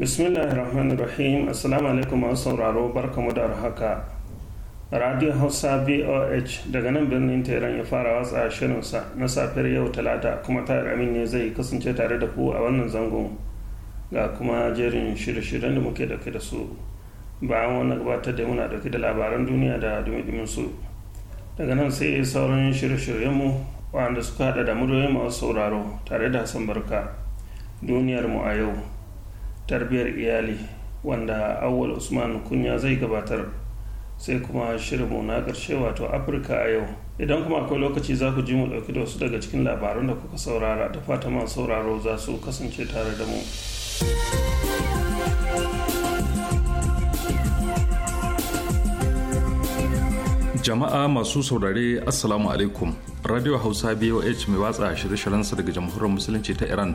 bismillahirrahmanirrahim assalamu alaikum masu sauraro barkamu da haka radio hausa voh daga nan birnin teran ya fara watsa shirinsa na safiyar yau talata kuma tare amin ne zai kasance tare da ku a wannan zangon ga kuma jerin shirye-shiryen da muke dauke da su bayan wani gabatar da muna dauke da labaran duniya da dumi su daga nan sai sauran shirye-shiryenmu waɗanda suka haɗa da muryoyin masu sauraro tare da hassan barka duniyar mu a yau tarbiyyar iyali wanda awwal usman kunya zai gabatar sai kuma shirinmu na ƙarshe wato afirka a yau idan kuma akwai lokaci za ku ji mu ɗauki da wasu daga cikin labarun da kuka saurara da fata sauraro za su kasance tare da mu jama'a masu saurare assalamu alaikum radio hausa boh mai watsa shirye-shiryensa daga jamhuriyar musulunci ta iran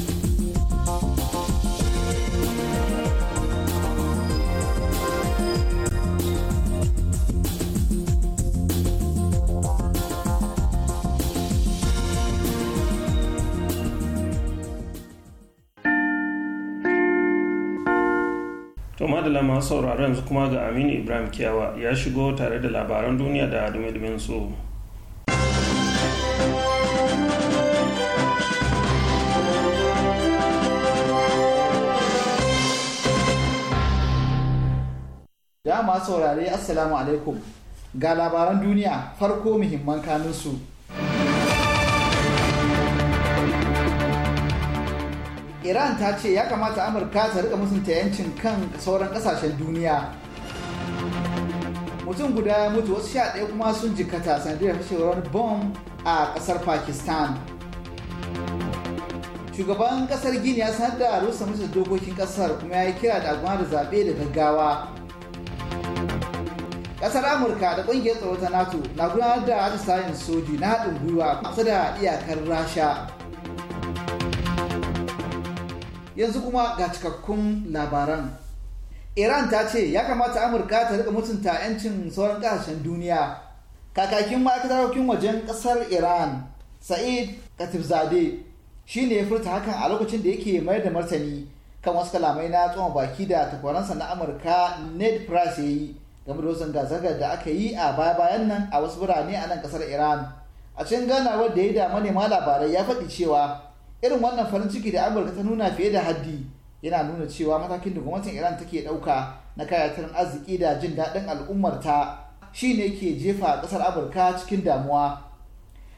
adala masu sauraro yanzu kuma ga aminu ibrahim kiyawa ya shigo tare da labaran duniya da dume su. Ya masu saurare assalamu alaikum ga labaran duniya farko muhimman kanunsu iran ta ce ya kamata amurka ta rika musunta yancin kan sauran kasashen duniya mutum guda ya mutu wasu sha ɗaya kuma sun jikata sanadiyar fashewar bom a ƙasar pakistan shugaban ƙasar gini ya sanar da rusa musu dokokin ƙasar kuma ya yi kira da agwana da zaɓe da gaggawa ƙasar amurka da ƙungiyar tsaro ta nato na gudanar da atisayen soji na haɗin gwiwa kusa da iyakar rasha yanzu kuma ga cikakkun labaran iran ta ce ya kamata amurka ta rika mutunta 'yancin sauran kasashen duniya kakakin ma'aikatar harkokin wajen kasar iran sa'id katifzade shi ne ya furta hakan a lokacin da yake mayar da martani kan wasu kalamai na tsohon baki da takwaransa na amurka ned price ya yi game da wasu zanga-zangar da aka yi a baya-bayan nan a wasu birane a nan kasar iran a cikin ganawar da ya yi da manema labarai ya faɗi cewa irin wannan farin ciki da amurka ta nuna fiye da haddi yana nuna cewa matakin da gwamnatin iran take dauka na kayatarin arziki da jin daɗin al'ummarta shine ke jefa ƙasar amurka cikin damuwa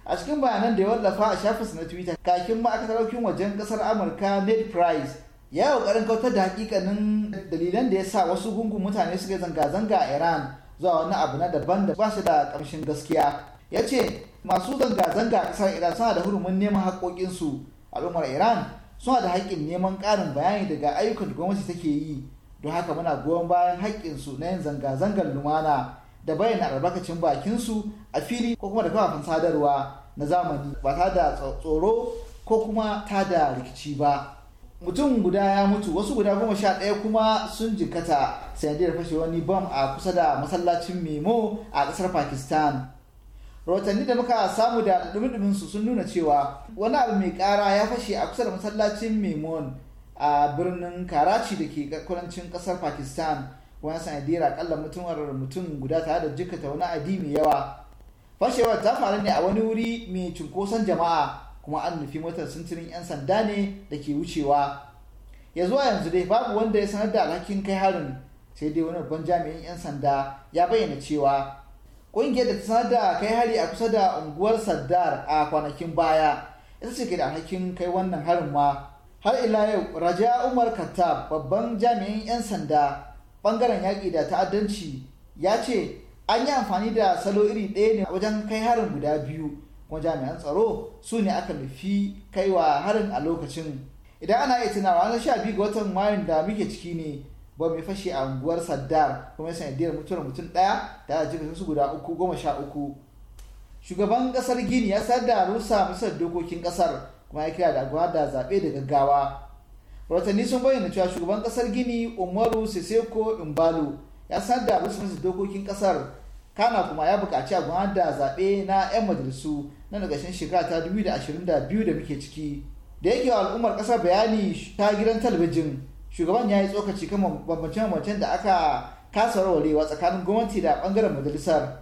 a cikin bayanan da ya wallafa a shafinsa na twitter kakin ma'aikatar aukin wajen ƙasar amurka ned price ya ƙoƙarin kautar da hakikanin dalilan da ya sa wasu gungun mutane suke zanga-zanga a iran zuwa wani abu na daban da ba shi da ƙamshin gaskiya ya ce masu zanga-zanga a ƙasar iran suna da hurumin neman haƙoƙinsu al'ummar iran suna da haƙƙin neman ƙarin bayani daga ayyukan da gwamnati take yi don haka muna goyon bayan su na yin zanga-zangar lumana da bayyana albarkacin bakinsu a fili ko kuma da kafafen sadarwa na zamani ba ta da tsoro ko kuma ta da rikici ba mutum guda ya mutu wasu guda goma sha ɗaya kuma sun jikata sanadiyar fashe wani bam a kusa da masallacin memo a ƙasar pakistan rahotanni da muka samu da dumin su sun nuna cewa wani abu mai kara ya fashe a kusa da masallacin memon a birnin karachi da ke kudancin kasar pakistan wani sanadiyar akalla mutuwar mutum guda tare da jikata wani adi mai yawa fashewar ta faru ne a wani wuri mai cunkoson jama'a kuma an nufi motar sintirin 'yan sanda ne da ke wucewa ya zuwa yanzu dai babu wanda ya sanar da alhakin kai harin sai dai wani babban jami'in 'yan sanda ya bayyana cewa ƙungiyar da ta sanar da kai hari a kusa da unguwar saddar a kwanakin baya ita ce ke da alhakin kai wannan harin ma har ila yau raja umar kattab babban jami'in 'yan sanda bangaren yaƙi da ta'addanci ya ce an yi amfani da salo iri ɗaya ne wajen kai harin guda biyu kuma jami'an tsaro su ne aka nufi kaiwa harin a lokacin idan ana iya tunawa ranar sha biyu ga watan mayun da muke ciki ne ba mai fashe a unguwar saddar kuma ya sanadiyar mutuwar mutum ɗaya tare da su guda uku goma sha uku shugaban kasar gini ya sayar da rusa misar dokokin kasar kuma ya kira da gwada da zaɓe da gaggawa rahotanni sun bayyana cewa shugaban kasar gini umaru seseko imbalu ya sayar da rusa misar dokokin kasar kana kuma ya buƙaci a gwada da zaɓe na 'yan majalisu na nagashin shekara ta 2022 da da biyu muke ciki da yake wa al'ummar kasar bayani ta gidan talabijin shugaban ya yi tsokaci kan bambance-bambancen da aka kasa warwarewa tsakanin gwamnati da bangaren majalisar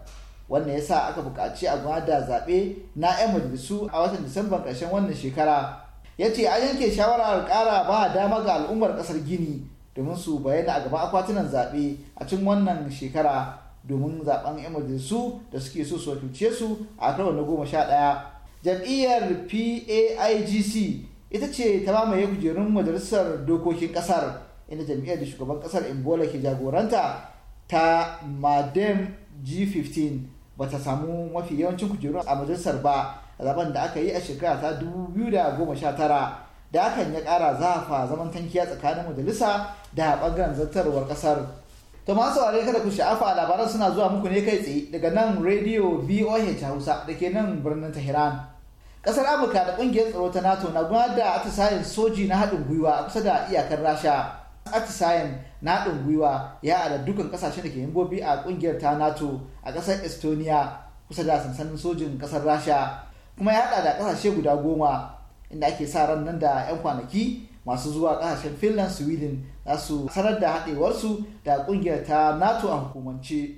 wannan ya sa aka buƙaci a gwamnati da zaɓe na 'yan majalisu a watan disamban ƙarshen wannan shekara ya ce an yanke shawarar ƙara ba dama ga al'ummar ƙasar gini domin su bayyana a gaba akwatunan zaɓe a cikin wannan shekara domin zaɓen 'yan majalisu da suke so su wakilce su a karo na goma sha ɗaya jam'iyyar paigc ita ce ta mamaye kujerun majalisar dokokin kasar inda jam'iyyar da shugaban kasar imbola ke jagoranta ta madem g15 ba ta samu mafi yawancin kujerun a majalisar ba a zaben da aka yi a shekara ta 2019 da hakan ya kara zafa zaman tankiya tsakanin majalisa da bangaren zartarwar kasar to masu ware kada ku sha'afa labaran suna zuwa muku ne kai tsaye daga nan radio voh hausa da ke nan birnin tehran kasar amurka da kungiyar tsaro ta nato na gudanar da atisayen soji na haɗin gwiwa kusa da iyakar rasha atisayen na haɗin gwiwa ya ada dukkan kasashen da ke yambobi a kungiyar ta nato a kasar estonia kusa da sansanin sojin kasar rasha kuma ya haɗa da kasashe guda goma inda ake sa ran nan da 'yan kwanaki masu zuwa kasashen finland sweden za su sanar da haɗewarsu da kungiyar ta nato a hukumance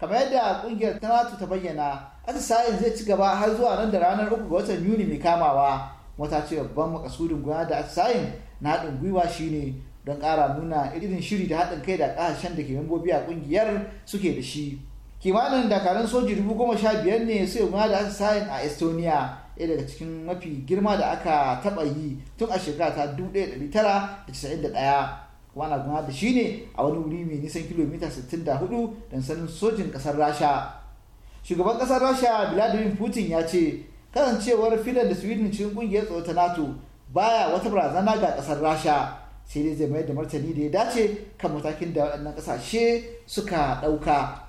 kamar yadda kungiyar ta nato ta bayyana atisayin zai ci gaba har zuwa nan da ranar uku ga watan yuni mai kamawa wata ce babban makasudin guna da atisayin na haɗin gwiwa shine don kara nuna irin shiri da haɗin kai da ƙasashen da ke membobi a ƙungiyar suke da shi kimanin dakarun soji dubu goma sha biyar ne su yi da atisayin a estonia ɗaya daga cikin mafi girma da aka taɓa yi tun a shekara ta dubu ɗaya da tara da casa'in da ɗaya kuma ana guna da shi ne a wani wuri mai nisan kilomita sittin da hudu don sanin sojin ƙasar rasha shugaban kasar rasha vladimir putin ya ce kasancewar finland da sweden cikin kungiyar tsaro ta nato baya wata barazana ga kasar rasha sai dai zai mayar da martani da ya dace kan matakin da waɗannan ƙasashe suka ɗauka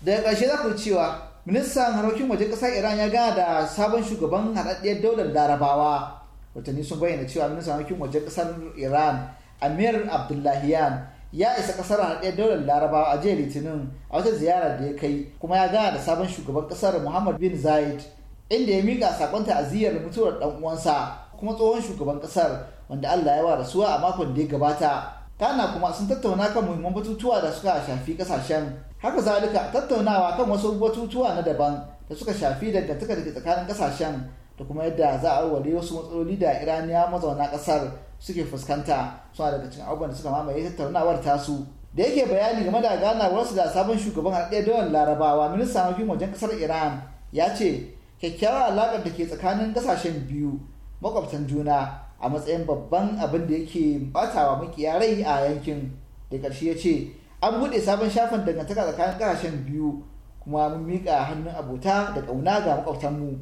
daga ƙarshe za ku cewa ministan harkokin waje kasar iran ya gana da sabon shugaban haɗaɗɗiyar daular larabawa watanni sun bayyana cewa ministan harkokin waje ƙasar iran amir abdullahiyan ya isa kasar a ɗaya daular larabawa a jiya litinin a wata ziyara da ya kai kuma ya gana da sabon shugaban kasar muhammad bin zayed inda ya miƙa sakon ta'aziyyar mutuwar dan uwansa kuma tsohon shugaban kasar wanda allah ya wa rasuwa a makon da ya gabata kana kuma sun tattauna kan muhimman batutuwa da suka shafi kasashen haka zalika tattaunawa kan wasu batutuwa na daban da suka shafi dangantaka da ke tsakanin kasashen da kuma yadda za a warware wasu matsaloli da iraniya mazauna kasar suke fuskanta suna daga cikin abubuwan da suka mamaye tattaunawar tasu da yake bayani game da ganawarsu da sabon shugaban haɗe don larabawa minista harkokin wajen kasar iran ya ce kyakkyawar alaƙar da ke tsakanin ƙasashen biyu makwabtan juna a matsayin babban abin da yake batawa makiya rai a yankin da ƙarshe ya ce an buɗe sabon shafin dangantaka tsakanin ƙasashen biyu kuma mun miƙa hannun abota da ƙauna ga makwabtanmu. mu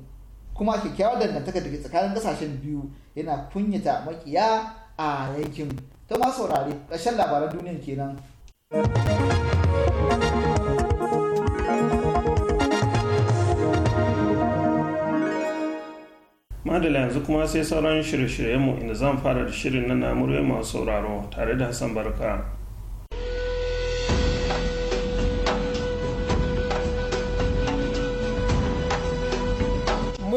kuma kyakkyawar dangantaka da ke tsakanin kasashen biyu yana kunyata makiya a yankin ta ma saurare ƙarshen labaran duniya kenan. madala yanzu kuma sai sauran shirye-shiryenmu inda zan fara da shirin na namuriyar masu sauraro tare da hassan barka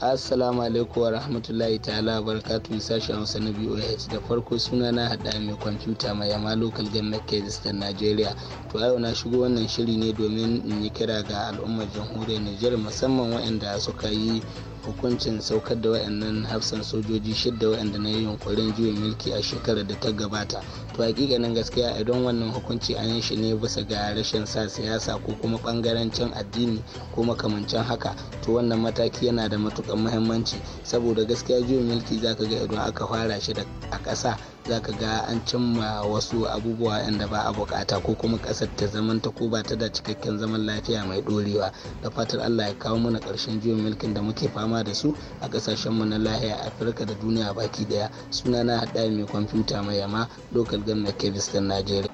assalamu alaikum wa rahmatullahi ta'ala barakatu sashen hausa na boh da farko suna na hada mai kwamfuta mai yama local government kyrgyzstan nigeria to yau na shigo wannan shiri ne domin in yi kira ga al'ummar jamhuriyar niger musamman waɗanda suka yi hukuncin saukar da wayannan hafsan sojoji shidda wayanda na yi yunkurin juyin mulki a shekarar da ta gabata to hakikanin gaskiya idan wannan hukunci an yi shi ne bisa ga rashin sa siyasa ko kuma bangarancin addini ko makamancin haka to wannan mataki yana da matukan muhimmanci saboda gaskiya juyin mulki zaka ga idan aka fara shi a ƙasa zaka ga an cimma wasu abubuwa yadda ba a bukata ko kuma kasar ta zamanta ko ba ta da cikakken zaman lafiya mai dorewa da fatan allah ya kawo mana karshen juyin mulkin da muke fama da su a kasashen mu na lahiya afirka da duniya baki daya suna na hada mai kwamfuta mai yama local government kebis najeriya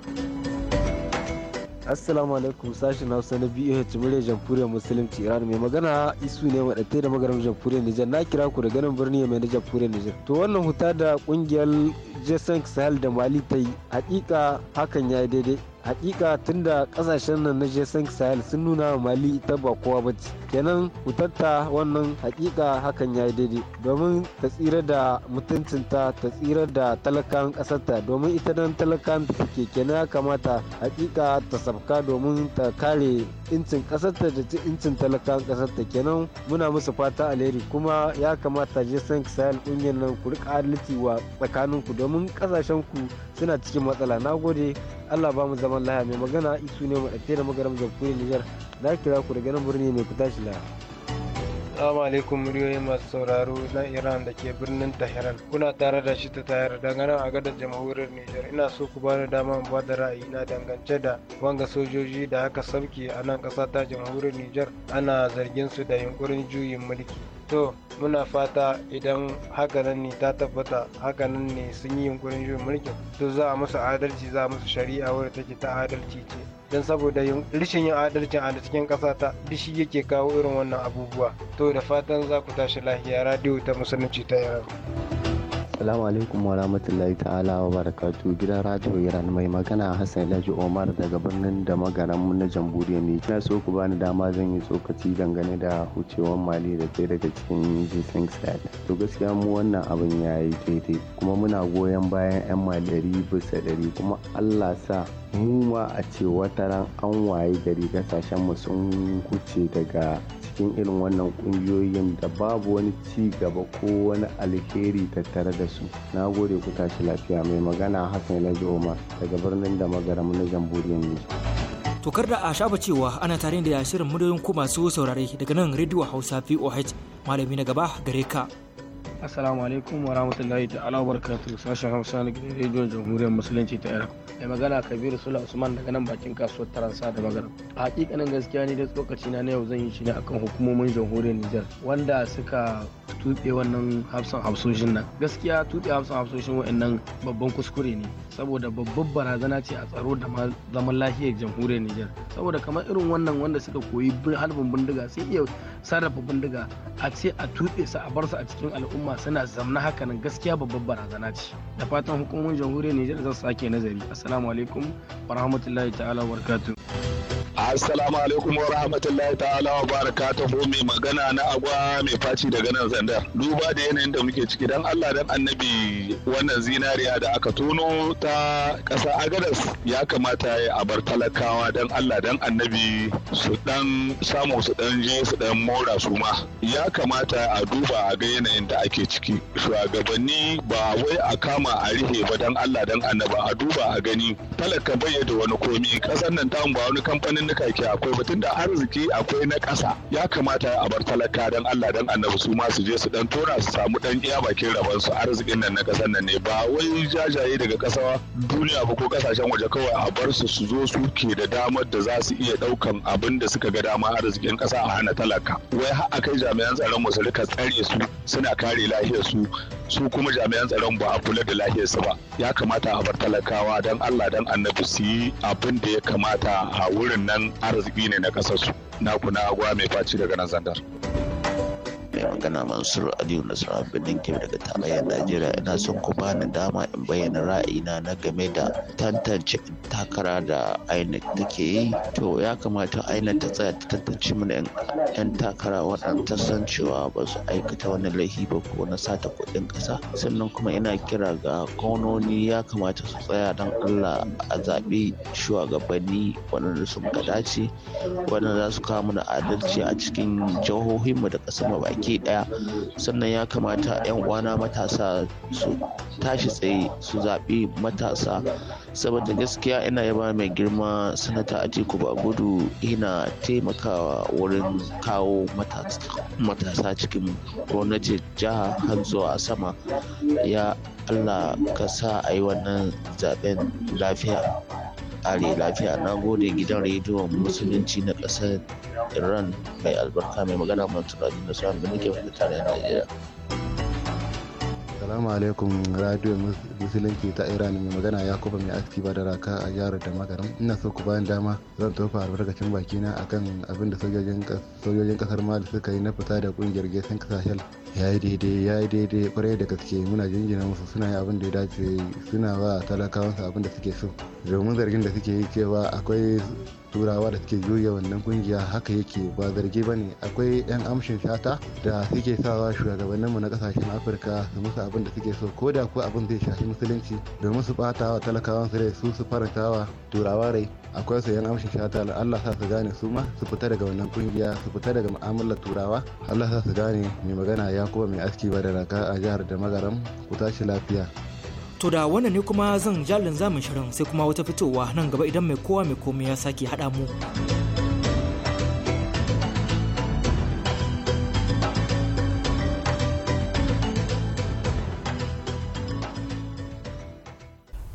assalamu alaikum sashen hausa na biyu hajji murya jamhuriyar musulunci iran mai magana isu ne maɗatai da magaram jamhuriyar nijar na kira ku da ganin birni mai na jamhuriyar nijar to wannan huta da kungiyar jason sahel da mali ta yi hakika hakan ya yi daidai hakika tunda kasashen nan na jason sahel sun nuna wa mali ita ba kowa ba ce kenan hutatta wannan hakika hakan ya yi daidai domin ta tsira da mutuncinta ta tsira da talakan kasarta domin ita dan talakan da take kenan ya kamata hakika ta sabka domin ta kare incin kasarta da ta incin talakan kasarta kenan muna musu fata alheri kuma ya kamata jason sahel kungiyar nan ku rika adalci wa tsakaninku domin kasashen ku suna cikin matsala na gode Allah ba mu zaman lahiya mai magana isu ne mu da magaram jamhuriyar Nijar na kira ku daga nan birni mai ku tashi lahiya. Assalamu alaikum muryoyin masu sauraro na Iran da ke birnin Tehran. Kuna tare da shi ta tayar dangane a gadar jamhuriyar Nijar. Ina so ku bani dama in bada ra'ayi na dangance da wanga sojoji da aka sauke a nan ƙasa ta jamhuriyar Nijar ana zargin su da yunkurin juyin mulki. to muna fata idan hakanan ne ta tabbata hakanan ne sun yi yunkurin juyin mulkin to za a musu adalci za a musu shari'a wadda take ta adalci ce don saboda rashin yin adalcin a cikin ƙasa ta dishi yake kawo irin wannan abubuwa to da fatan za ku tashi lahiya radiyo ta musulunci ta yaro. Assalamu alaikum wa rahmatullahi ta'ala wa barakatu gidan radio Iran mai magana Hassan Laji Omar daga birnin da magaran na jamhuriyar ne. Ina so ku bani dama zan yi tsokaci dangane da hucewar Mali da ke daga cikin G5 To gaskiya mu wannan abin ya yi daidai kuma muna goyon bayan 'yan Mali 100 bisa ɗari kuma Allah sa mu ma a ce wataran an waye gari kasashen mu sun huce daga cikin irin wannan kungiyoyin da babu wani ci gaba ko wani alheri tattare da su na gode ku tashi lafiya mai magana hassan laji omar daga birnin da magaram na jamhuriyar nijar tokar da a shafa cewa ana tare da shirin muryoyin ku masu saurare daga nan rediyo hausa voh malami na gaba gare ka assalamu alaikum wa rahmatullahi ta'ala wa sashen hausa na gidan rediyon jamhuriyar musulunci ta iraq mai magana kabiru sula usman daga nan bakin kasuwar taransa da magana a hakikanin gaskiya ni da tsokaci na yau zan yi shi ne akan hukumomin jamhuriyar nijar wanda suka tuɓe wannan hafsan hafsoshin nan gaskiya tuɓe hafsan hafsoshin wa'annan babban kuskure ne saboda babbar barazana ce a tsaro da zaman lafiyar jamhuriyar nijar saboda kamar irin wannan wanda suka koyi harbin bindiga sai iya sarrafa bindiga a ce a tuɓe su a bar su a cikin al'umma suna zamna hakanan gaskiya babbar barazana ce da fatan hukumomin jamhuriyar nijar zan sake nazari assalamu alaikum wa ta'ala wa barakatuh Assalamu alaikum wa rahmatullahi ta'ala wa barakatuhu mai magana na agwa mai faci daga nan zandar. Duba da yanayin da muke ciki dan Allah dan annabi wannan zinariya da aka tono ta ƙasa Agadas ya kamata ya abar talakawa dan Allah dan annabi su dan samu su dan je su dan mora su ma. Ya kamata a duba a ga yanayin da ake ciki. Shugabanni ba wai a kama a rihe ba dan Allah dan annabi a duba a gani talaka bai da wani komi ƙasar nan ta ba wani kamfanin birninnika ke akwai mutum da arziki akwai na ƙasa ya kamata a bar talaka don Allah don annabi su ma su je su dan tona su samu dan iya bakin rabon su arzikin nan na ƙasar nan ne ba wai jajaye daga ƙasa duniya ba ko ƙasashen waje kawai a bar su su zo su ke da damar da za su iya ɗaukan abin da suka ga dama arzikin ƙasa a hana talaka wai har akai jami'an tsaron mu su rika tsare su suna kare lafiyar su su kuma jami'an tsaron ba a kula da lafiyar su ba ya kamata a bar talakawa don Allah don annabi su yi abin da ya kamata a wurin nan nan arziki ne na ƙasarsu. Na kuna agwa mai faci daga nan zandar. mai magana mansur aliyu nasara birnin kebe daga tarayyar najeriya ina son ku bani dama in bayyana ra'ayina na game da tantance takara da inec take yi to ya kamata inec ta tsaya ta tantance mana yan takara waɗanda san cewa ba su aikata wani laifi ba ko na sata kuɗin ƙasa sannan kuma ina kira ga kwanoni ya kamata su tsaya don allah a zaɓi shugabanni waɗanda sun ka dace waɗanda za su kawo mana adalci a cikin jihohinmu da ƙasar mu baki baki daya sannan ya kamata 'yan uwana matasa su tashi tsaye su zaɓi matasa saboda gaskiya ina yaba mai girma sanata atiku gudu yana taimakawa wurin kawo matasa cikin gwamnatin jiha har zuwa sama ya allah ka sa a yi wannan zaben lafiya ƙare lafiya na gode gidan rediyon musulunci na ƙasar iran mai albarka mai magana mantura na nasu da nake fata tare da najeriya Salamu alaikum radio musulunci ta Iran mai magana ya kuma mai aski ba da raka a jihar da magaram ina so ku bayan dama zan tofa albarkacin bakina akan abin da sojojin kasar mali suka yi na fita da ƙungiyar gesan kasashen ya yi daidai ya yi daidai kwarai da gaske muna jinjina musu suna yi abin da ya dace suna ba talakawansu abin da suke so domin zargin da suke yi cewa akwai turawa da suke juya wannan kungiya haka yake ba zargi ba ne akwai 'yan amshin shata da suke sawa shugabanninmu na kasashen afirka su musu abin da suke so ko da ko abin zai shafi musulunci domin su bata wa talakawan su rai su su fara wa turawa rai akwai su 'yan amshin shata allah sa su gane su ma su fita daga wannan kungiya su fita daga mu'amalar turawa allah sa su gane mai magana ya kuma mai aski ba da raka a jihar da magaram ku tashi lafiya to da wannan ne kuma zan jalin zamin shirin sai kuma wata fitowa nan gaba idan mai kowa mai komai ya sake haɗa mu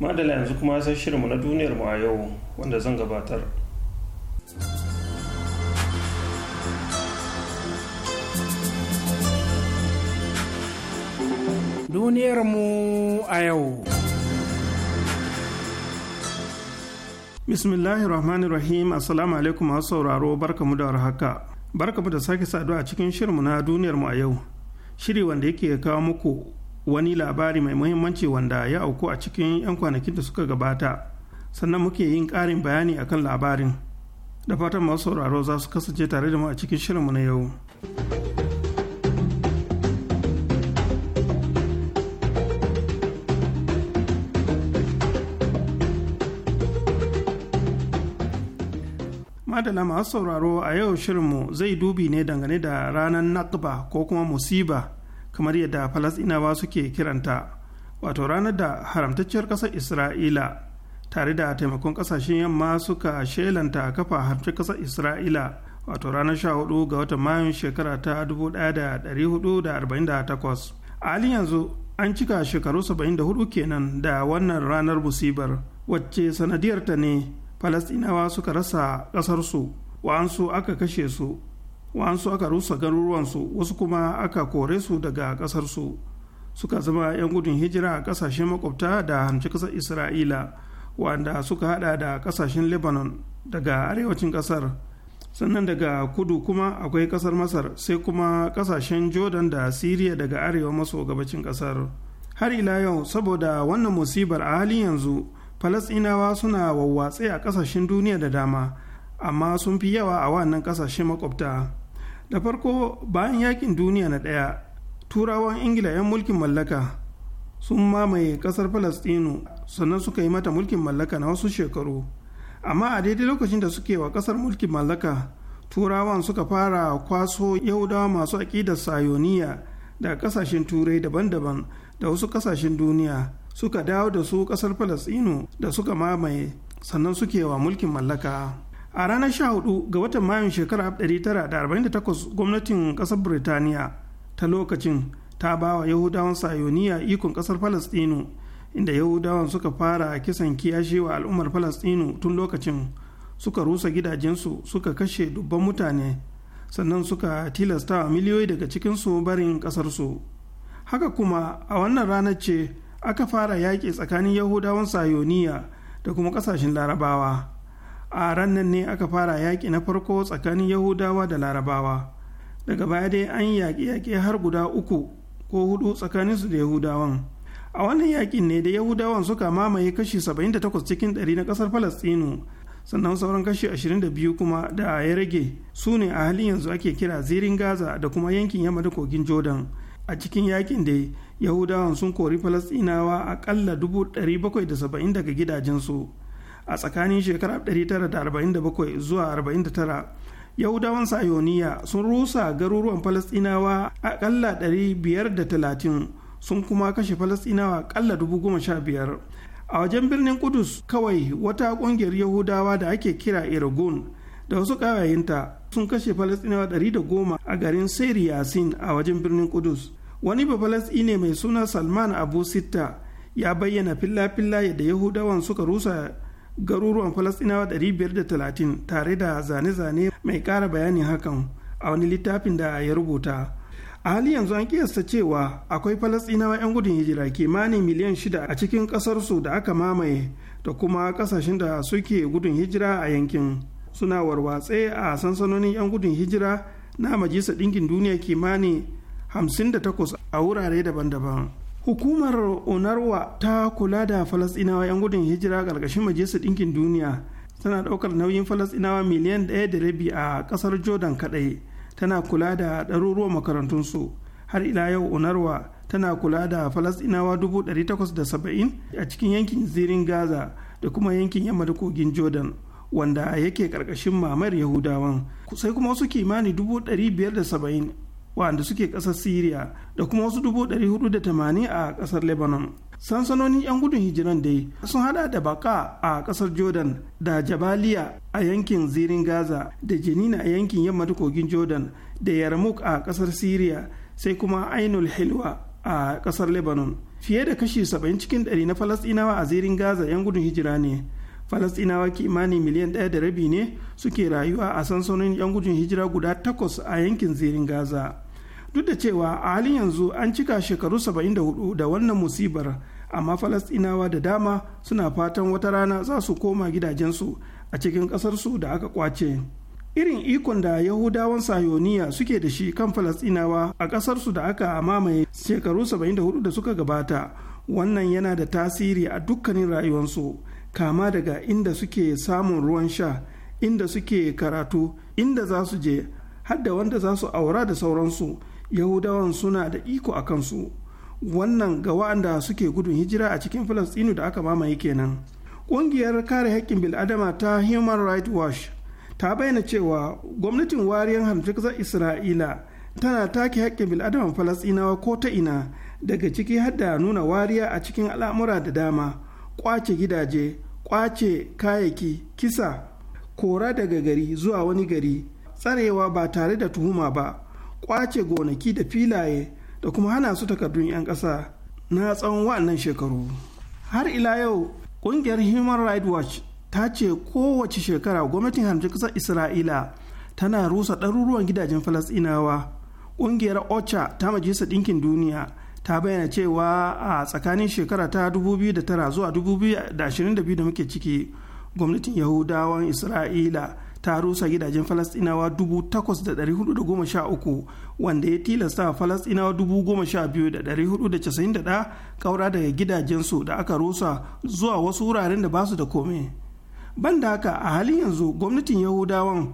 madala yanzu kuma sai shirinmu na duniyar mu a yau wanda zan gabatar duniyarmu a yau. Bismillahirrahmanirrahim Assalamu alaikum masu sauraro barkamu da warhaka. Barkamu da sake saduwa a cikin shirinmu na duniyarmu a yau. Shiri wanda yake kawo muku wani labari mai muhimmanci wanda ya auku a cikin 'yan kwanakin da suka gabata. Sannan muke yin ƙarin bayani akan labarin. Da fatan masu sauraro za su kasance tare da mu a cikin shirinmu na yau. madala masu sauraro a yau shirinmu zai dubi ne dangane da ranar nakba ko kuma musiba kamar yadda falasɗinawa suke kiranta wato ranar da haramtacciyar ƙasar isra'ila tare da taimakon ƙasashen yamma suka shelanta kafa haramtacciyar ƙasar isra'ila wato ranar 14 ga watan mayun shekara ta 1448 a halin yanzu an cika shekaru 74 kenan da wannan ranar musibar wacce sanadiyarta ne falastinawa suka rasa ƙasarsu wa'ansu aka kashe su wa'ansu aka rusa garuruwansu wasu kuma aka kore su daga ƙasarsu suka zama 'yan gudun hijira a ƙasashen makwabta da hanci ƙasar isra'ila wanda suka hada da ƙasashen lebanon daga arewacin ƙasar sannan daga kudu kuma akwai ƙasar masar sai kuma ƙasashen jordan da Syria daga arewa maso gabacin ƙasar har ila yau saboda wannan musibar a halin yanzu falasinawa suna wawwatse a ƙasashen duniya da dama amma sun fi yawa a wannan ƙasashe makwabta da farko bayan yakin duniya na ɗaya turawan ingila 'yan mulkin mallaka sun mamaye ƙasar falasɗinu sannan suka yi mata mulkin mallaka na wasu shekaru amma a daidai lokacin da suke wa ƙasar mulkin mallaka turawan suka fara kwaso yahudawa masu aƙidar sayoniya daga ƙasashen turai daban-daban da wasu ƙasashen duniya suka dawo da su kasar falasɗinu da suka mamaye sannan suke wa mulkin mallaka a ranar 14 ga watan mayun shekarar 1948 gwamnatin kasar birtaniya ta lokacin ta ba wa yahudawan sayoniya ikon kasar falasɗinu inda yahudawan suka fara kisan kiyashe wa al'ummar falasɗinu tun lokacin suka rusa gidajensu suka kashe dubban mutane sannan suka tilasta miliyoyi daga cikinsu barin ƙasarsu haka kuma a wannan ranar ce aka fara yaƙi tsakanin yahudawan sayoniya da kuma ƙasashen larabawa a rannan ne aka fara yaƙi na farko tsakanin yahudawa da larabawa daga baya dai an yaƙe-yaƙe har guda uku ko hudu tsakaninsu da yahudawan a wannan yaƙin ne da yahudawan suka mamaye kashi 78 cikin 100 na ƙasar falastinu sannan sauran kashi 22 kuma da ya rage su ne a halin yanzu ake kira zirin gaza da kuma yankin yamma da kogin jordan a cikin yakin da yahudawan sun kori falasɗinawa aƙalla 770 daga gidajensu a tsakanin shekarar 1947 zuwa 49 yahudawan sayoniya sun rusa garuruwan falasɗinawa aƙalla 530 sun kuma kashe falasɗinawa aƙalla 15,000 a wajen birnin kudus kawai wata ƙungiyar yahudawa da ake kira iragun da wasu ƙawayenta sun kashe falasɗinawa 110 a garin sayri yasin a wajen birnin kudus wani ne mai suna salman abu sitta ya bayyana filla-filla yadda yahudawan suka rusa garuruwan falasinawa 530 tare da zane-zane mai ƙara bayanin hakan a wani littafin da ya rubuta a hali yanzu an kiyasta cewa akwai falasɗinawa 'yan gudun hijira kimanin miliyan shida a cikin ƙasarsu da aka mamaye da kuma ƙasashen da suke gudun hijira a yankin suna warwatse a sansanonin 'yan gudun hijira na majisa ɗinkin duniya kimanin 58 a wurare daban-daban hukumar onarwa ta kula da falasɗinawa 'yan gudun hijira ƙarƙashin majalisar ɗinkin duniya tana ɗaukar nauyin falasɗinawa miliyan ɗaya da rabi a ƙasar jordan kaɗai tana kula da ɗaruruwan makarantunsu har ila yau onarwa tana kula da falasɗinawa 870 a cikin yankin zirin gaza da kuma yankin yamma da kogin jordan wanda yake ƙarƙashin mamayar yahudawan sai kuma wasu kimani saba'in waɗanda suke ƙasar syria da kuma wasu ɗari da 480 a ƙasar lebanon sansanonin 'yan gudun hijiran dai sun hada da baka a ƙasar jordan da jabaliya a yankin zirin gaza da jenina a yankin yamma da kogin jordan da yarmouk a ƙasar syria sai kuma ainul hilwa a ƙasar lebanon fiye da kashi 70 cikin ɗari na falasɗinawa a zirin gaza 'yan gudun hijira ne falastinawa kimanin miliyan ɗaya da rabi ne suke rayuwa a sansanonin 'yan gudun hijira guda takwas a yankin zirin gaza duk da cewa a halin yanzu an cika shekaru 74 da wannan musibar amma falastinawa da dama suna fatan wata rana za su koma gidajensu a cikin ƙasarsu da aka kwace irin ikon da yahudawan sayoniya suke da shi kan falastinawa a ƙasarsu da aka mamaye shekaru 74 da suka gabata wannan yana da tasiri a dukkanin rayuwarsu kama daga inda suke samun ruwan sha inda suke karatu inda za su je hadda wanda za su aura da sauransu yahudawan suna da iko a kansu wannan ga wa'anda suke gudun hijira a cikin filistinu da aka mamaye kenan ƙungiyar kare haƙƙin bil'adama ta human rights watch ta bayyana cewa gwamnatin wariyar kasar isra'ila tana take haƙƙin bil'adaman falasɗinawa ko ta ina daga ciki hadda nuna wariya a cikin al'amura da dama kwace gidaje kwace kayayyaki kisa kora daga gari zuwa wani gari tsarewa ba tare da tuhuma ba kwace gonaki da filaye da kuma hana su takardun 'yan ƙasa na tsawon wannan shekaru har ila yau ƙungiyar human rights watch ta ce kowace shekara gwamnatin hamshin ƙasar isra'ila tana rusa ɗaruruwan gidajen falasɗinawa ƙungiyar ocha ta majalisar ɗinkin duniya ta bayyana cewa a tsakanin shekara ta 2009 zuwa 2022 da muke ciki gwamnatin yahudawan isra'ila ta rusa gidajen falastinawa 8,413 wanda ya tilasta falastinawa 12,491 kaura daga gidajensu da aka rusa zuwa wasu wuraren da basu da komai banda haka a halin yanzu gwamnatin yahudawan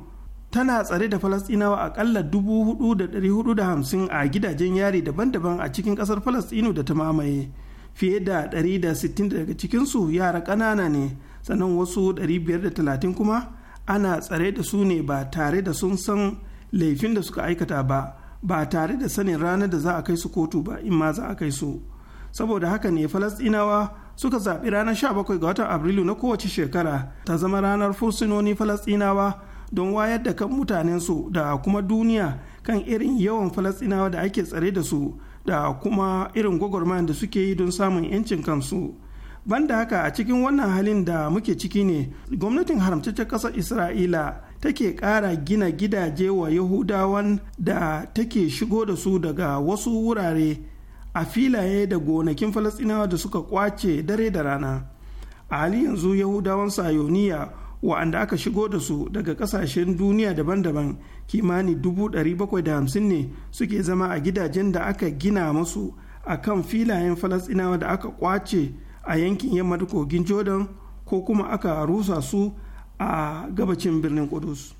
tana tsare da falasɗinawa akalla 4,450 a gidajen yari daban-daban a cikin ƙasar falasɗinu da ta mamaye fiye da 160 daga cikinsu yara ƙanana ne sannan wasu 530 kuma ana tsare da su ne ba tare da sun san laifin da suka aikata ba ba tare da sanin ranar da za a kai su kotu ba in ma za a kai su saboda haka ne falasɗinawa suka zaɓi ranar 17 ga watan afrilu na kowace shekara ta zama ranar fursunoni falasɗinawa don wayar da kan mutanensu da kuma duniya kan irin yawan falasɗinawa da ake tsare da su da kuma irin gwagwarmayar da suke yi don samun 'yancin kansu banda haka a cikin wannan halin da muke ciki ne gwamnatin haramtaccen ƙasar isra'ila take ƙara gina gidaje wa yahudawan da take shigo da su daga wasu wurare a filaye da gonakin falasɗinawa da suka kwace dare da rana a halin yanzu yahudawan sayoniya wa'anda aka shigo da su daga kasashen duniya daban-daban kimani 750 ne suke zama a gidajen da aka gina masu a kan filayen falasɗinawa da aka kwace a yankin yamma da kogin jordan ko kuma aka rusa su a gabacin birnin kudus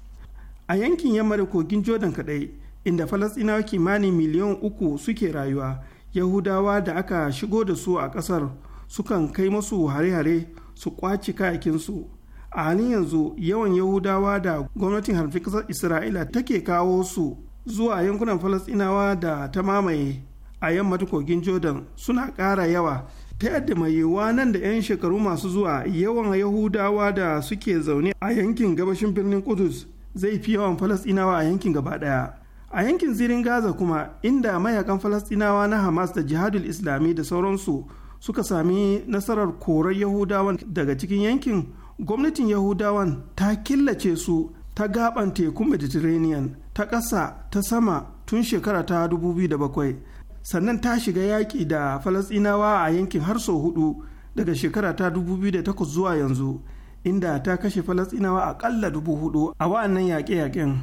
a yankin yamma da kogin jordan kadai inda falasɗinawa kimani miliyan uku suke rayuwa yahudawa da aka shigo da su a ƙasar sukan kai masu hare-hare su kwace kayakinsu a halin yanzu yawan yahudawa da gwamnatin harfi ƙasar isra'ila take kawo su zuwa yankunan falasɗinawa da ta mamaye a yammata kogin jordan suna ƙara yawa ta yadda mai yiwuwa nan da 'yan shekaru masu zuwa yawan yahudawa da suke zaune a yankin gabashin birnin kudus zai fi yawan falasɗinawa a yankin gaba ɗaya a yankin zirin gaza kuma inda mayakan falasɗinawa na hamas da jihadul islami da sauransu suka sami nasarar korar yahudawan daga cikin yankin gwamnatin yahudawan ta killace su ta gaban tekun mediterranean ta ƙasa ta sama tun shekara ta 2007 sannan ta shiga yaƙi da falasinawa a yankin har sau hudu daga shekara ta 2008 zuwa yanzu inda ta kashe falasinawa aƙalla dubu hudu a wa'annan yaƙe-yaƙen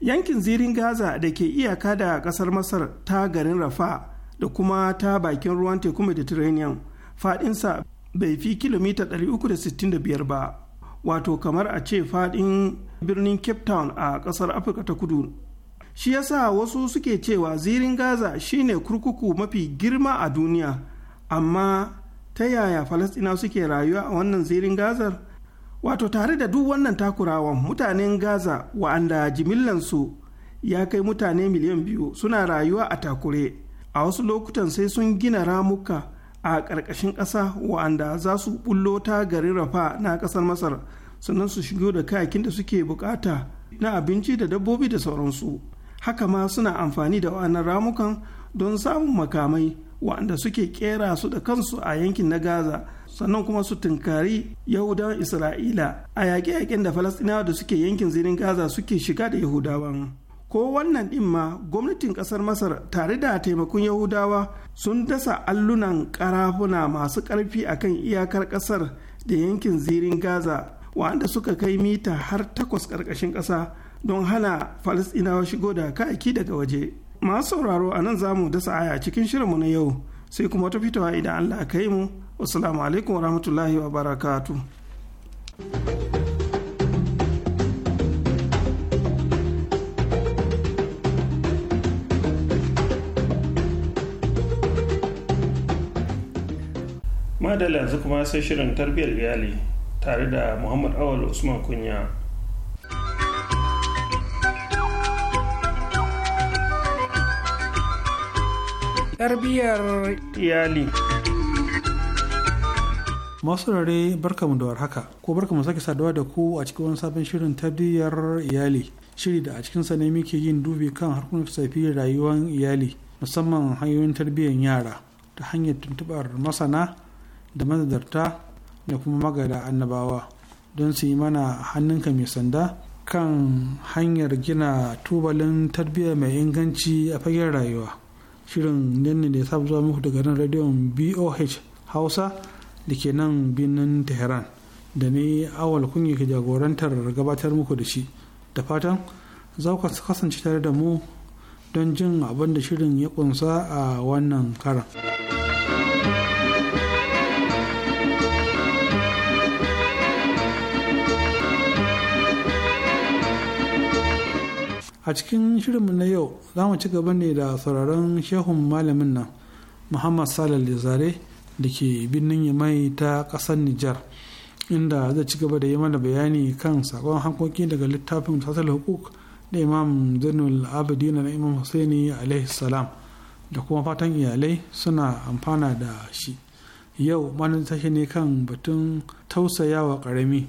yankin zirin gaza da ke iyaka da ƙasar masar ta garin rafa da kuma ta bakin ruwan teku mediterranean faɗinsa bai fi kilomita 365 ba wato kamar a ce faɗin birnin cape town a ƙasar afirka ta kudu shi yasa wasu suke cewa zirin gaza shine kurkuku mafi girma a duniya amma ta yaya falastina suke rayuwa a wannan zirin gazar wato tare da duk wannan takurawan mutanen gaza wa'anda jimillansu ya kai mutane miliyan biyu suna rayuwa a takure a wasu lokutan sai sun gina ramuka a ƙarƙashin ƙasa wa'anda za su bullo ta garin rafa na ƙasar masar sannan su shigo da kayakin da suke bukata na abinci da dabbobi da sauransu haka ma suna amfani da wa'annan ramukan don samun makamai wa'anda suke kera su da kansu a yankin na gaza sannan kuma su tunkari yahudawan isra'ila a yaƙe-yaƙen da falastinawa da suke yankin zirin gaza suke shiga da yahudawan ko wannan ɗin ma gwamnatin ƙasar masar tare da taimakon yahudawa sun dasa allunan ƙarafuna masu ƙarfi akan iyakar ƙasar da yankin zirin gaza wanda suka kai mita har takwas ƙarƙashin ƙasa don hana falasɗinawa shigo da kayaki daga waje masu sauraro a nan zamu dasa aya cikin shirinmu na yau sai kuma ta fitowa idan allah kai mu wasu alaikum wa rahmatullahi wa barakatu. madal yanzu kuma sai shirin tarbiyyar iyali tare da muhammad awal usman kunya tarbiyyar iyali masu rare barkamu da warhaka ko barkamu sake saduwa da ku a cikin wani sabon shirin tarbiyyar iyali shiri da a cikin ne muke yin dubi kan harkokin safi rayuwar iyali musamman hanyoyin tarbiyyar yara ta hanyar tuntubar masana da manzarta da kuma magada annabawa don su yi mana hannunka mai sanda kan hanyar gina tubalin tarbiyya mai inganci a fagen rayuwa shirin nan da ya sabu zuwa muku daga nan radiyon boh hausa da ke nan birnin tehran da ni awal kunye ke jagorantar gabatar muku da shi da fatan za ku kasance tare da mu don jin abin da shirin ya kunsa a wannan karan. a cikin shirinmu na yau za mu ci gaba ne da sauraron shehun malamin nan muhammad salal zare da ke birnin yamai ta ƙasar nijar inda zai ci gaba da yi mana bayani kan sakon hankoki daga littafin tasar hukuk da imam zainul abidin na imam husaini alaihi salam da kuma fatan iyalai suna amfana da shi yau manin tashi ne kan batun tausayawa ƙarami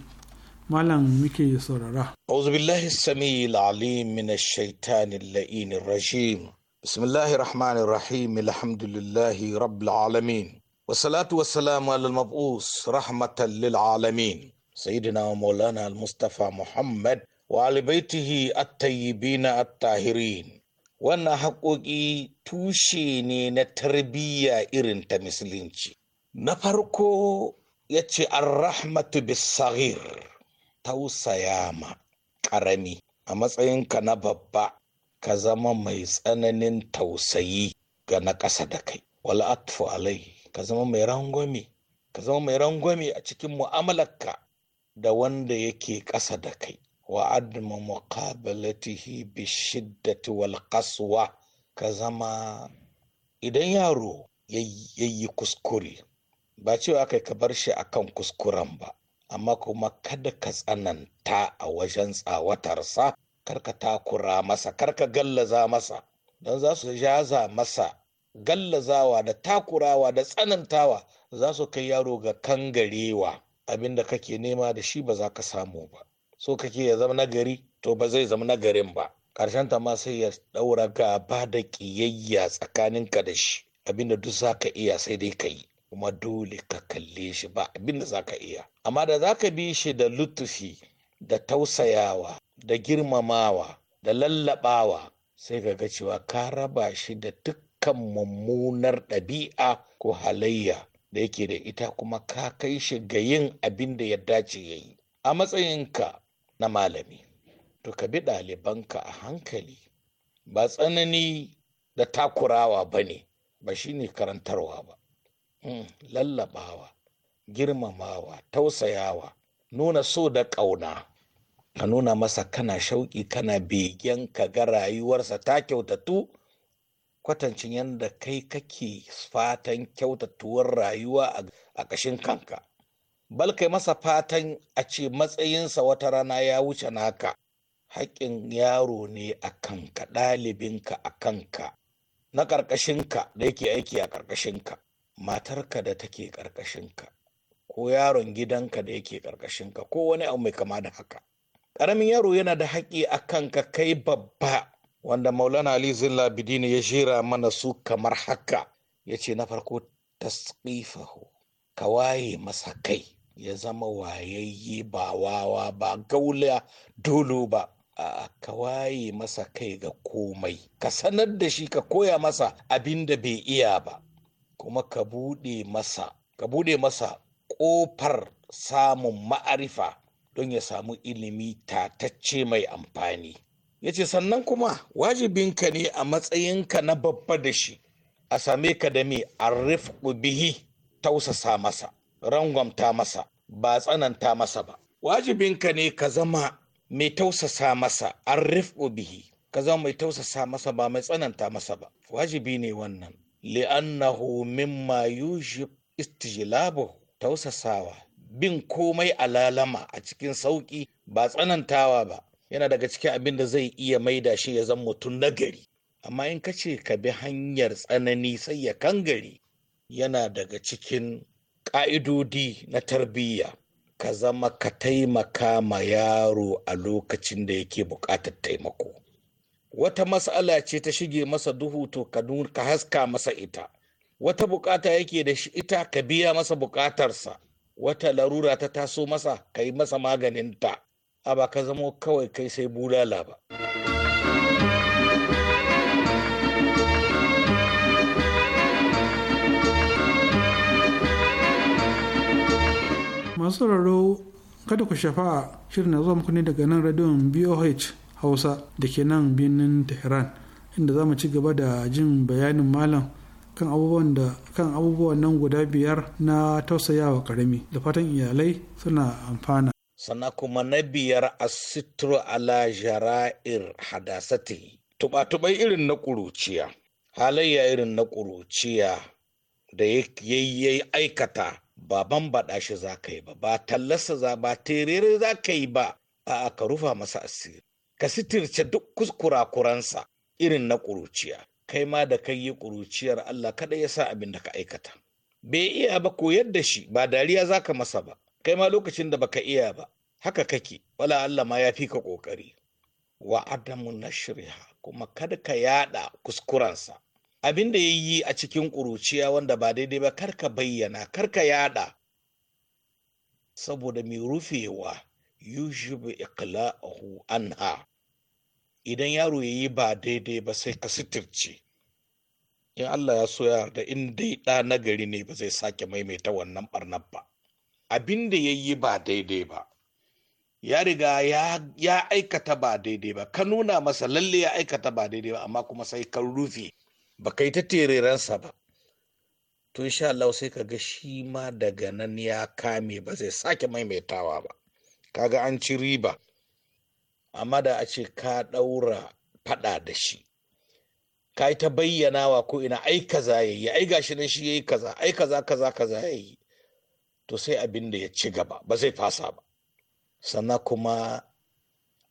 malam muke saurara. Auzu billahi sami alim min shaitanin la'inin rajim. Bismillahi rahmani rahim alhamdulillahi rabbil alamin. Wasalatu wasalamu ala mab'us rahmatan lil alamin. Sayyidina wa maulana al-Mustafa Muhammad wa alibaitihi at-tayyibina at-tahirin. Wannan haƙoƙi tushe ne na tarbiyya irin ta musulunci. Na farko ya ce ar-rahmatu bis-saghir. tausaya ma ƙarami a matsayinka na babba ka zama mai tsananin tausayi ga na ƙasa da kai wala atfu alai ka zama mai rangwame ka zama mai rangwame a cikin mu'amalarka da wanda yake ƙasa da kai wa adma muqabalatihi bi shiddati wal qaswa ka zama idan yaro yayi kuskure ba cewa kai ka bar shi akan kuskuren ba amma kuma kada ka tsananta a wajen tsawatarsa karka takura masa karka gallaza masa don za su jaza masa gallazawa da takurawa da tsanantawa za su kai yaro ga kangarewa abin da kake nema da shi ba za ka samu ba so kake ya zama nagari to ba zai zama nagarin ba karshen ta ma sai ya ɗaura gaba da ƙiyayya tsakaninka da shi abin da duk za ka iya sai dai ka yi kuma dole ka kalle shi ba abinda za ka iya amma da za ka bi shi da lutufi da tausayawa da girmamawa da lallabawa sai ka ga cewa ka raba shi da dukkan mummunar ɗabi'a ko halayya da yake da ita kuma ka kai shi ga yin abin da ya dace ya yi a matsayinka na malami to ka bi ɗalibanka a hankali ba tsanani da takurawa ba ne ba shi ne karantarwa ba Mm, lallabawa girmamawa tausayawa nuna so da ƙauna ka nuna masa kana shauƙi kana begen ka ga rayuwarsa ta kyautatu kwatancin yadda kai kake fatan kyautatuwar rayuwa a ƙashin kanka bal kai masa fatan a ce matsayinsa wata rana ya wuce naka haƙƙin yaro ne a kanka ɗalibinka a kanka na ƙarƙashinka da yake aiki a ƙarƙashinka matarka da take ƙarƙashinka ko yaron gidanka da yake ƙarƙashinka ko wani abu mai kama da haka ƙaramin yaro yana da haƙƙi a kanka kai babba wanda maulana ali zilla bidini ya shira mana su kamar haka ya ce na farko tasqifahu ka waye masa kai ya zama wayayye ba wawa ba gaula dolo ba a ka waye masa kai ga komai ka sanar da shi ka koya masa abin da bai iya ba kuma ka buɗe masa ka buɗe masa ƙofar samun ma'arifa don ya samu ilimi tatacce mai amfani ya ce sannan kuma wajibinka ne a matsayinka na babba da shi a same ka da mai arrifku bihi tausasa masa rangwamta masa ba tsananta masa ba wajibinka ne ka zama mai tausasa masa arrifku bihi ka zama mai tausasa masa ba mai tsananta masa ba wajibi ne wannan li'annahu mimma yujib istijlabu tausasawa bin komai alalama, a cikin sauƙi ba tsanantawa ba yana daga cikin abin da zai iya maida shi ya zama mutum nagari amma in ka ce ka bi hanyar tsanani sai ya kangare yana daga cikin ƙa'idodi na tarbiyya ka zama ka taimaka ma yaro a lokacin da yake buƙatar taimako wata matsala ce ta shige masa duhu to ka haska masa ita wata bukata yake da shi ita ka biya masa bukatarsa wata larura ta taso masa ka yi masa maganinta a ba ka zamo kawai kai sai bulala ba masu raro kada ku shafa shirin na zuwa muku ne daga nan radiyon boh hausa da ke nan birnin tehran inda za mu ci gaba da jin bayanin malam kan abubuwan nan guda biyar na tausayawa karami da fatan iyalai suna amfana sana kuma na biyar asitru ala jara'ir hadasati tuba-tubai irin na ƙuruciya halayya irin na ƙuruciya da ya aikata ba ban baɗa shi za ka yi ba ba tallasa za ba terere za ka yi ba a ka rufa masa asiri ka sitirce duk kuskurakuransa irin na ƙuruciya kai ma da kai yi ƙuruciyar Allah kada ya sa abin da ka aikata bai iya ba ko yadda shi ba dariya za ka masa ba kai ma lokacin da baka iya ba haka kake wala Allah ma ya fi ka ƙoƙari wa adamu na shirya. kuma kada ka yaɗa kuskuransa. abin da ya yi a cikin ƙuruciya wanda ba daidai ba kar ka bayyana kar ka yaɗa. saboda mai rufewa yujibu iqla'uhu anha idan yaro yayi ba daidai ba sai ka sitirce in Allah ya so yarda in dai ɗa nagari ne ba zai sake maimaita wannan barnar ba abin da yayi ba daidai ba ya riga ya aikata ba daidai ba ka nuna masa lalle ya aikata ba daidai ba amma kuma sai ka rufe ba kai ta tereransa ba to insha Allah sai ka ga shi ma daga nan ya kame ba zai sake maimaitawa ba kaga an ci riba amma da a ce ka ɗaura faɗa da shi ka yi ta bayyanawa ko ina ai kaza ya yi ai gashi na shi ya yi kaza ai kaza kaza kaza ya yi to sai abin da ya ci gaba ba zai fasa ba sannan kuma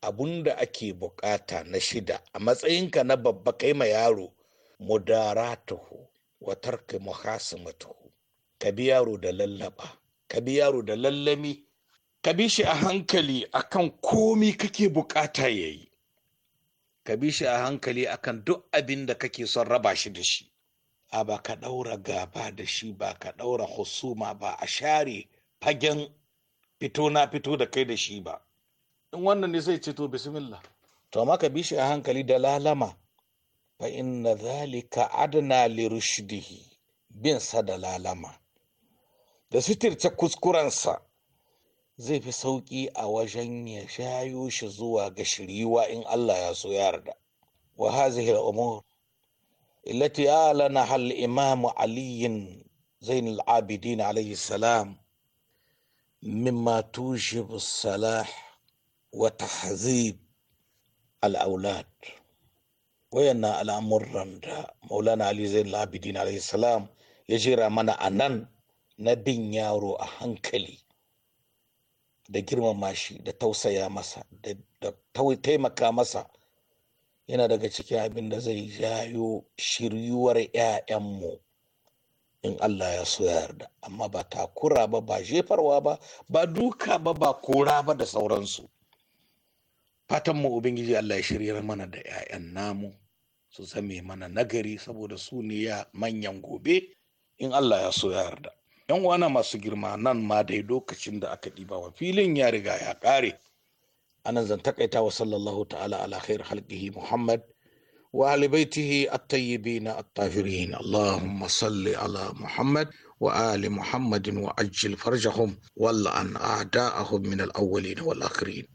abun da ake bukata na shida a matsayinka na babba kai ma yaro mudaratuhu wa tarki muhasimatuhu ka bi yaro da lallaba ka bi yaro da lallami ka bi shi a hankali akan komi kake bukata ya yi ka bi shi a hankali akan duk abin da kake son raba shi da shi a ba ka ɗaura gaba da shi ba ka ɗaura husuma ba a share fagen fito na fito da kai da shi ba in wannan ne zai ce to bismillah to ma ka bi shi a hankali da lalama fa inna zalika adna li rushdihi bin sa da lalama da sitirce kuskurensa zai fi sauƙi a wajen ya shayo shi zuwa gashiriwa in Allah ya so yarda. Wa hazihi al’umur, illati alana hal imamu aliyin zain al’abidin alayhi salam, mimma tushe salah wa tahzib al’aulat. Wayanna al’amuran da maulana Ali zain al’abidin alayhi salam ya jira mana a nan na bin yaro a hankali. da girmama shi da tausaya masa da taimaka masa yana daga cikin abin da zai jayo shiryuwar 'ya'yanmu in Allah ya so yarda amma ba takura ba ba jefarwa ba ba duka ba ba kora ba da sauransu fatan mu ubangiji Allah ya shiryar mana da 'ya'yan namu su zame mana nagari saboda su ne ya manyan gobe in Allah ya so yarda yan wana masu girma nan ma dai lokacin da aka ɗiba wa filin ya riga ya ƙare anan zan takaita wa sallallahu ta'ala ala khair halqihi muhammad wa ali baitihi at-tayyibin at-tahirin allahumma salli ala muhammad wa ali muhammadin wa ajil farjahum wal an a'da'ahum min al-awwalin wal akhirin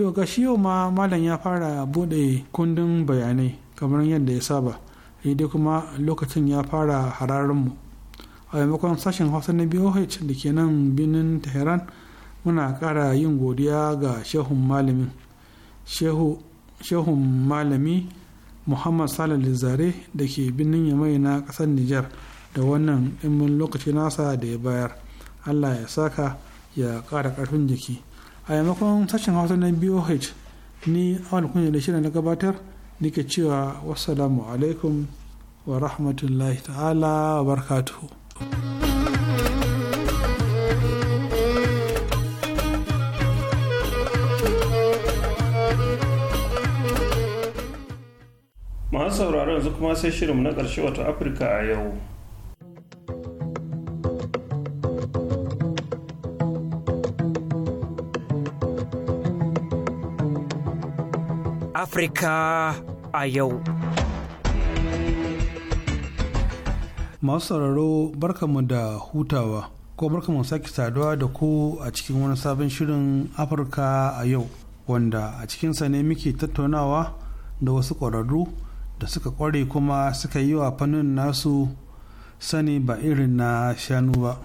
to ga shi yau ma malam ya fara bude kundin bayanai kamar yadda ya saba dai kuma lokacin ya fara hararinmu a maimakon sashen hausa na boh da ke nan birnin tehran muna kara yin godiya ga shehun malamin shehun malami muhammad salil zare da ke birnin yamai na ƙasar nijar da wannan imin lokaci nasa da ya bayar allah ya saka ya kara karfin jiki a yamakon sashen hausa na boh ni awal kunya da shirin na gabatar nake cewa wassalamu alaikum wa rahmatullahi ta'ala wa barakatuhu masu sauraron yanzu kuma sai shirin na ƙarshe wato afirka a yau Afirka a yau. Masu sauraro barkamu da hutawa, ko mu sake saduwa da ku a cikin wani sabon shirin Afirka a yau, wanda a cikinsa ne muke tattaunawa da wasu ƙwararru da suka ƙware kuma suka yi wa fannin nasu sani ba irin na shanu ba,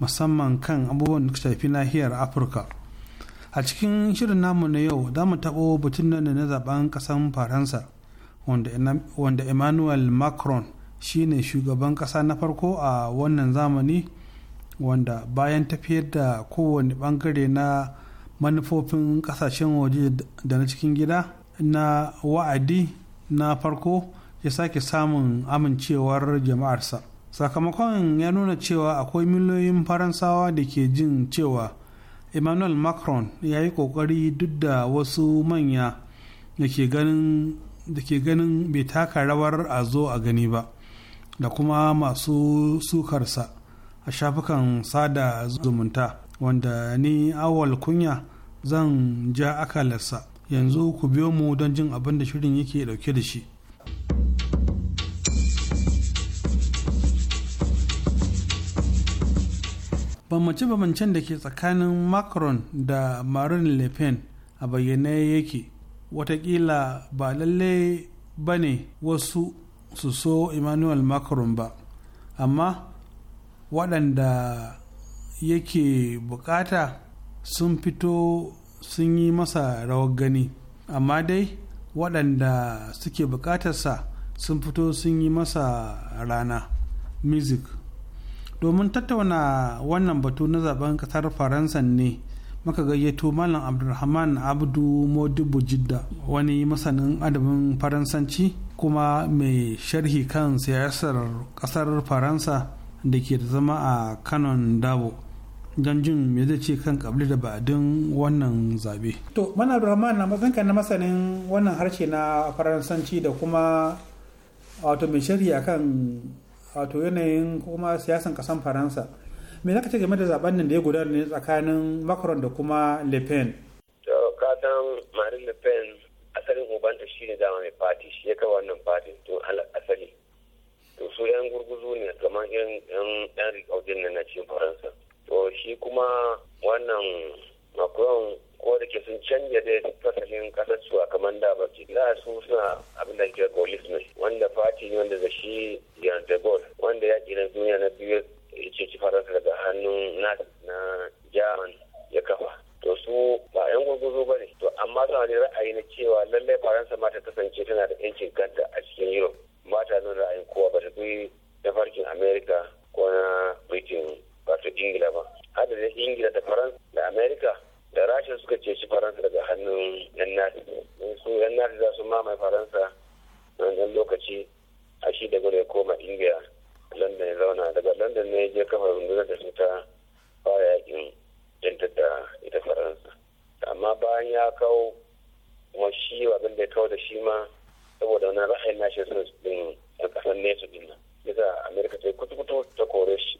musamman kan abubuwan da shafi nahiyar Afirka. a cikin shirin namu na yau za mu taɓo batun nan na zaben ƙasan faransa wanda emmanuel macron shine shugaban ƙasa na farko a wannan zamani wanda bayan tafiyar da kowane bangare na manufofin ƙasashen waje da na cikin gida na wa'adi na farko ya sake samun amincewar jama'arsa sakamakon ya nuna cewa akwai miliyoyin faransawa da ke jin cewa emmanuel macron ya yi kokari duk da wasu manya da ke ganin bai taka rawar a zo a gani ba da kuma masu sukarsa a shafukan sada zumunta wanda ni awal kunya zan ja akalarsa yanzu ku biyo mu don jin abin da shirin yake dauke da shi bambance-bambancen da ke tsakanin macron da marine le pen a bayyane yake watakila ba lalle ba ne wasu su so emmanuel macron ba amma waɗanda yake bukata sun fito sun yi masa rawar gani amma dai waɗanda suke buƙatarsa sun fito sun yi masa rana music domin tattauna wannan batu na zaben kasar faransa ne maka gayyato malam abdulrahman abdu modibu jidda wani masanin adabin faransanci kuma mai sharhi kan siyasar kasar faransa da ke da zama a kanon dabo don jin me zai ce kan kabli da ba'adin wannan zabe. to mana rahman na na masanin wannan harshe na faransanci da kuma wato mai sharhi akan wato yanayin kuma siyasan kasan faransa me za ka ce game da zaben nan da ya gudana ne tsakanin macron da kuma le pen to san marine le pen asalin ubanta shi ne dama mai fati shi ya kawo wannan fati tun asali to su yan gurguzu ne kamar yan yan rikaudin na cikin faransa to shi kuma wannan macron ko da ke sun canja da fasalin kasar su a kamar da ba ce da su suna abin da ke golis ne wanda fati ne wanda da shi yarda gol wanda ya na duniya na biyu ya ce ci faransa daga hannun na jaman ya kafa to su ba yan gurguzu ba ne to amma suna da ra'ayi na cewa lallai faransa ma ta kasance tana da yancin kanta a cikin europe ba ta nuna ra'ayin kowa ba ta fi farkin america ko na britain ta ingila ba hada da ingila da faransa da america da rashin suka ceci faransa daga hannun yan nasi su yan za su mamaye faransa wannan lokaci a shi da gudu ya koma india london ya zauna daga london ne ya je kafa rundunar da su ta fara yakin jantar da ita faransa amma bayan ya kawo kuma shi abin da ya kawo da shi ma saboda wani ra'ayin nashi sun ɗin a ƙasar nesa din nan yasa amerika ta yi kutukutu ta kore shi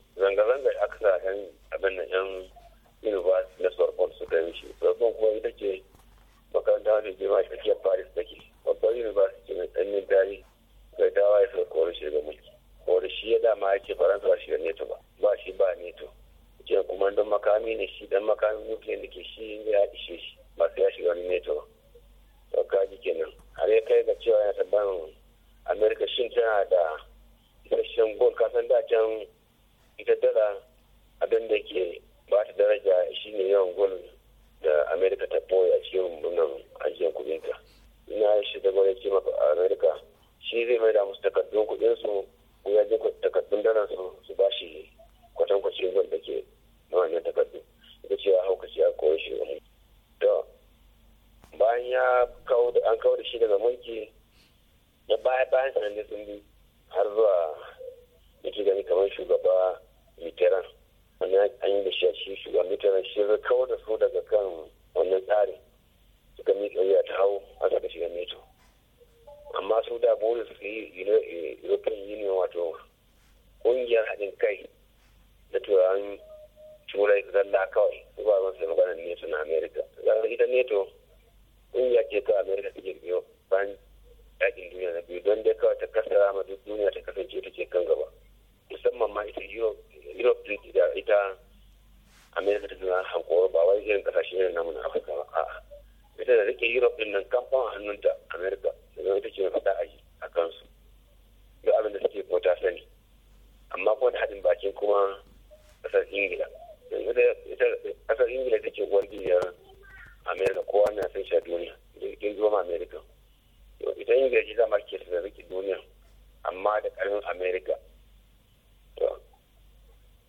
america to ita ingilishi zama ke da riki duniya amma da karfin america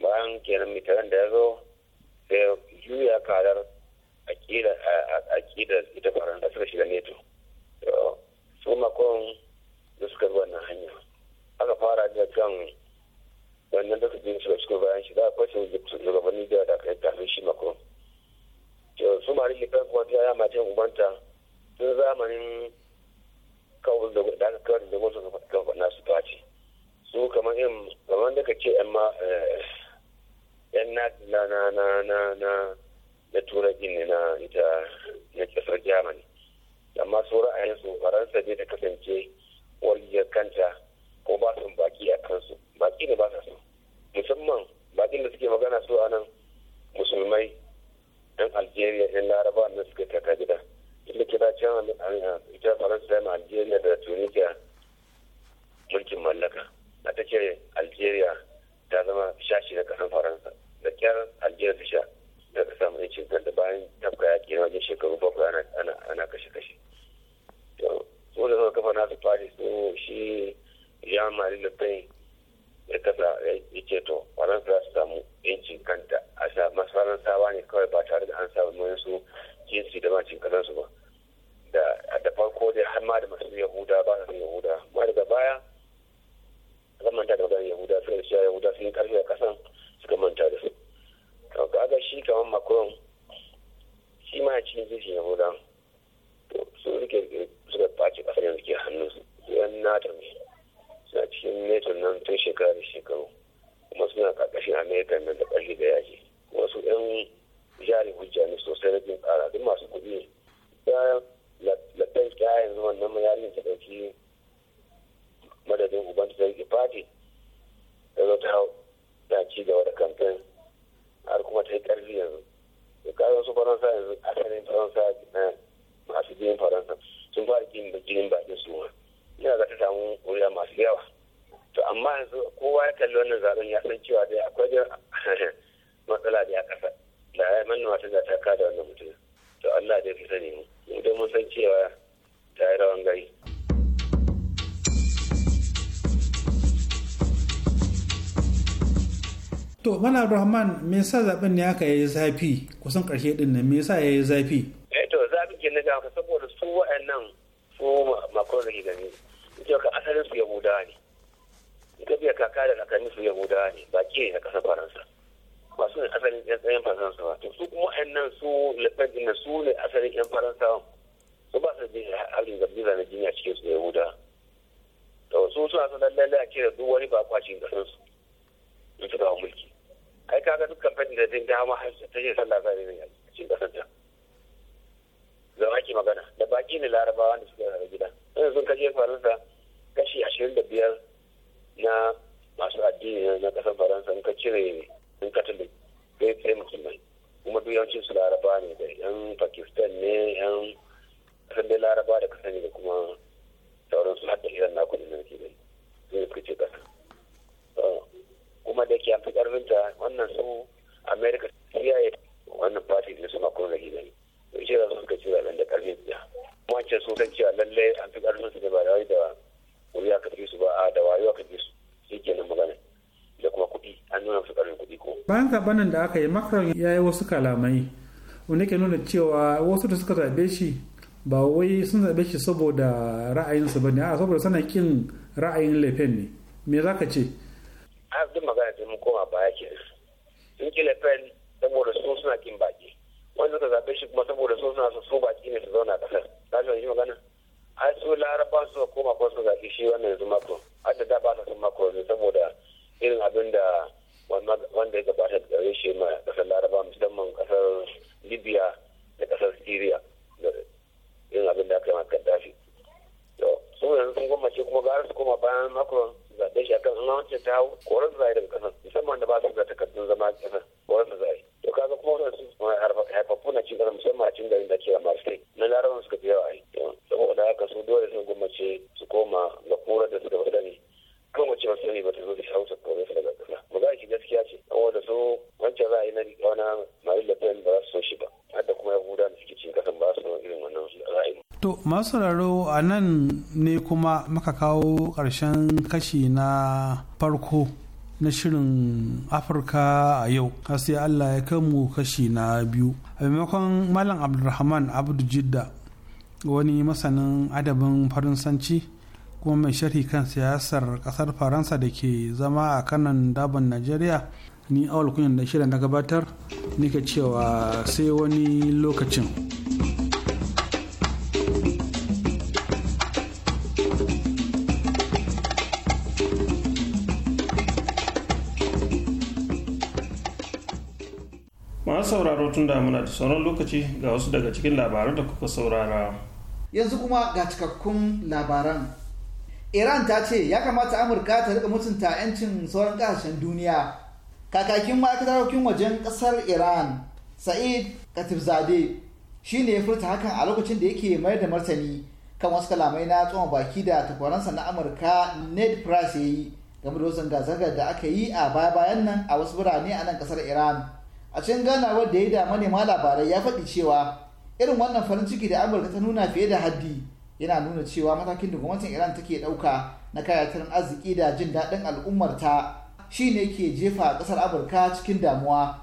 bayan kenan mitaran da ya zo sai juya kadar akidar ita da suka shiga neto su makon da suka zuwa na hanya aka fara da kan wannan da kujin su suka bayan shi za a kwashe shugabanni da da kai kafin shi makon su ma rikin kan kuwa ta yama ta ubanta tun zamanin kawo da aka kawo da wasu kan faɗa su face su kamar yin kamar da ka ce yan ma eh, yan na na na na na na na ita na kasar germany amma su ra'ayin su faransa ne da kasance waliyar kanta ko ba su baki a kansu baki ne ba sa so musamman bakin da suke magana su a nan musulmai yan algeria yan laraba na suka taka inda kira can ita faransa ta yi algeria da tunisia mulkin mallaka a ta ce algeria ta zama shashi na kasan faransa da kyar algeria ta sha da ta samu yancin da bayan tafka ya na wajen shekaru bakwai ana kashe-kashe ko da suka kafa nasu fari su shi ya marie le pen ya kasa ya ce to faransa za su samu yancin kanta a sa masu faransawa ne kawai ba tare da an samu su jinsi da ba cikin kasar ba da da farko dai har ma da masu yahuda ba su yahuda ba daga baya suka manta da wajen yahuda suka da yahuda sun yi karfi a kasan suka manta da su to kaga shi kamar makon shi ma ya cikin jinsi yahuda to su suke suka face kasar yanzu ke hannun su yan nato ne suna cikin neto nan tun shekara da shekaru kuma suna karkashin america abdulrahman me yasa zaben ne aka yi zafi kusan ƙarshe din nan me yasa ya yi zafi cewa lalle an fi ƙarfin su ne ba da da wuya ka fi su ba a da wayo ka fi su shi kenan magana da kuma kuɗi an nuna su ƙarfin kuɗi ko. bayan zaɓen da aka yi makaron ya yi wasu kalamai wanda ke nuna cewa wasu da suka zaɓe shi ba wai sun zaɓe shi saboda ra'ayinsu ba ne a saboda suna ƙin ra'ayin lefen ne me za ka ce. a duk magana ta mun koma baya ke sun ƙi lefen saboda su suna ƙin baki wanda suka zaɓe shi kuma saboda su suna so baƙi ne su zauna a ƙasar. Ka shi magana? an su laraba su koma ko su zaɓi shi wannan yanzu mako har da ba su mako yanzu saboda irin abin da wanda ya gabata da gare shi ma kasar laraba musamman kasar libya da kasar syria da irin abin da aka yi ma kaddafi to su yanzu sun gwammace kuma gara su koma bayan macron zaɓe shi akan suna wancan ta hau koran zai daga ƙasar musamman da ba su da takardun zama a ƙasar koran zai to kaga kuma wannan su haifaffu na cin ƙasar musamman a cin garin da ke ramar state na larabar suka fi yawa yi saboda haka su dole sun gwamnati su koma ga kura da su da wadani kan wace wasu sai ba ta zo da shawarar kome su daga ƙasa ba za ki gaskiya ce da su wancan ra'ayi na riƙa wani marin da ba za su so shi ba da kuma yahuda da suke cikin ƙasan ba su irin wannan ra'ayi. to masu sauraro a nan ne kuma maka kawo ƙarshen kashi na farko na shirin afirka a yau sai allah ya mu kashi na biyu a maimakon malam abdulrahman abdu jidda wani masanin adabin faransanci kuma mai sharhi kan siyasar kasar faransa da ke zama a kanan daban najeriya ni awal kunyan da shirin na gabatar nika cewa sai wani lokacin masu sauraro tun muna da sauran lokaci ga wasu daga cikin labaran da kuka saurara yanzu kuma ga cikakkun labaran iran ta ce ya kamata amurka ta rika mutunta 'yancin sauran kasashen duniya kakakin ma'aikatar harkokin wajen kasar iran sa'id katibzade shi ne ya furta hakan a lokacin da yake mayar da martani kan wasu kalamai na tsohon baki da takwaransa na amurka ned price ya yi game da wasu zanga da aka yi a baya-bayan nan a wasu birane a nan kasar iran a cikin ganawar da ya yi da manema labarai ya faɗi cewa irin wannan farin ciki da amurka ta nuna fiye da haddi yana nuna cewa matakin da gwamnatin iran take dauka na kayatar arziki da jin daɗin al'ummarta shine ke jefa ƙasar amurka cikin damuwa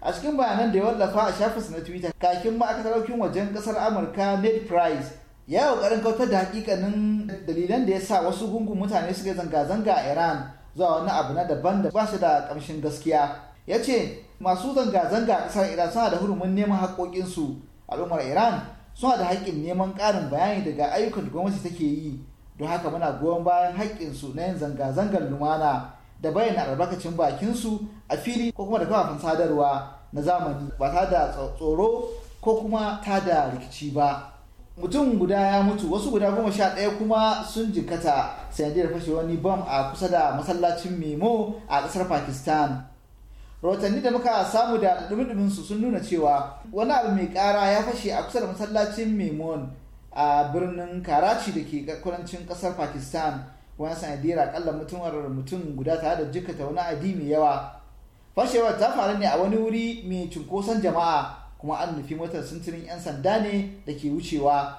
a cikin bayanan da ya wallafa a shafinsa na twitter kakin ma'aikatar wajen ƙasar amurka ned price ya ƙoƙarin kautar da hakikanin dalilan da ya sa wasu gungun mutane suka zanga-zanga a iran zuwa wani abu na daban da ba shi da ƙamshin gaskiya ya ce masu zanga-zanga a ƙasar iran suna da hurumin neman haƙoƙinsu al'ummar iran suna da haƙƙin neman ƙarin bayani daga ayyukan da gwamnati take yi don haka muna goyon bayan su na yin zanga-zangar lumana da bayyana albarkacin bakinsu a fili ko kuma da kafafen sadarwa na zamani ba ta da tsoro ko kuma ta da rikici ba mutum guda ya mutu wasu guda goma sha ɗaya kuma sun jikkata sanadiyar fashe wani bam a kusa da masallacin memo a ƙasar pakistan rahotanni da muka samu da dumin su sun nuna cewa wani abu mai kara ya fashe a kusa da masallacin memon a birnin karachi da ke kudancin kasar pakistan wani sanadiyar akalla mutumar mutum guda tare da jikata wani adi mai yawa fashewar ta faru ne a wani wuri mai cunkoson jama'a kuma an nufi motar sintirin 'yan sanda ne da ke wucewa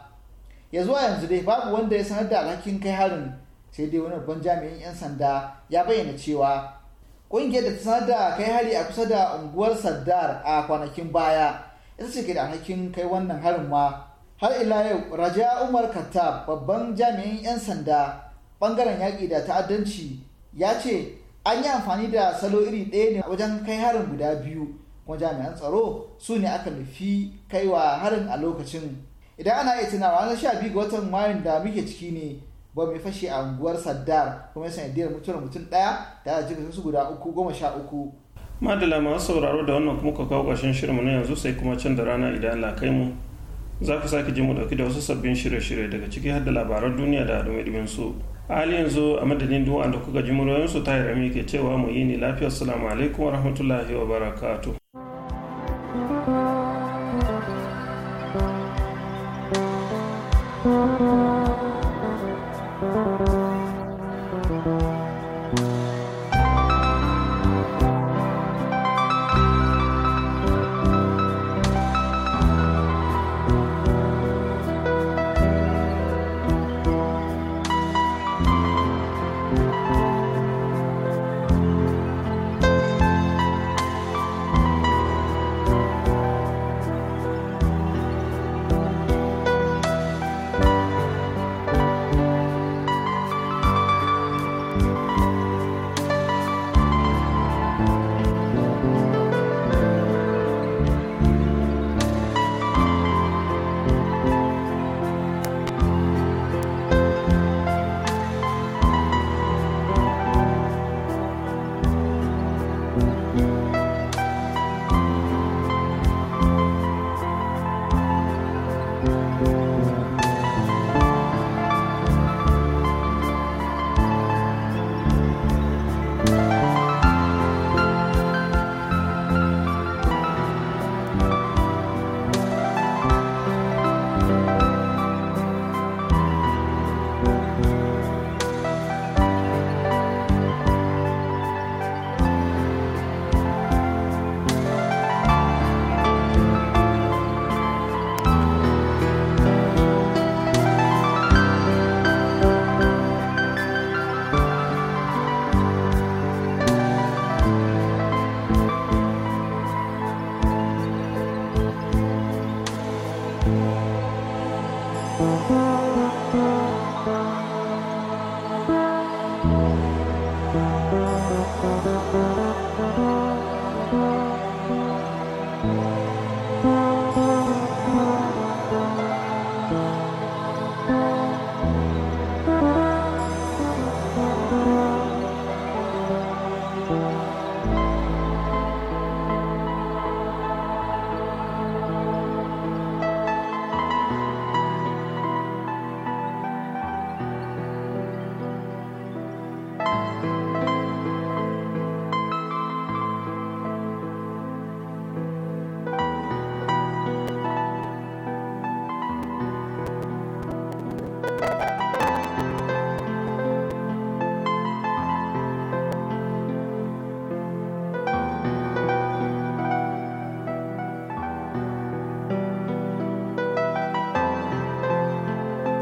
ya zuwa yanzu dai babu wanda ya sanar da alhakin kai harin sai dai wani babban jami'in 'yan sanda ya bayyana cewa ƙungiyar da ta sanar da kai hari a kusa da unguwar saddar a kwanakin baya ita ce ke da alhakin kai wannan harin ma har ila yau raja umar kattab babban jami'in 'yan sanda bangaren yaƙi da ta'addanci ya ce an yi amfani da salo iri ɗaya ne wajen kai harin guda biyu kuma jami'an tsaro su ne aka nufi kaiwa harin a lokacin idan ana iya tunawa ranar sha biyu ga watan mayun da muke ciki ne ba mai fashe a unguwar saddar kuma ya sanadiyar mutuwar mutum ɗaya da a jikin su guda uku goma sha uku madala masu sauraro da wannan kuma ka kawo ƙarshen shirinmu na yanzu sai kuma can da rana idan la kai mu za ku sake jin mu dauki da wasu sabbin shirye-shirye daga ciki har da labaran duniya da dumi su a hali yanzu a madadin duwa da kuka ji muryoyinsu ta yi rami ke cewa mu yi ni lafiyar salamu alaikum wa rahmatullahi wa barakatuh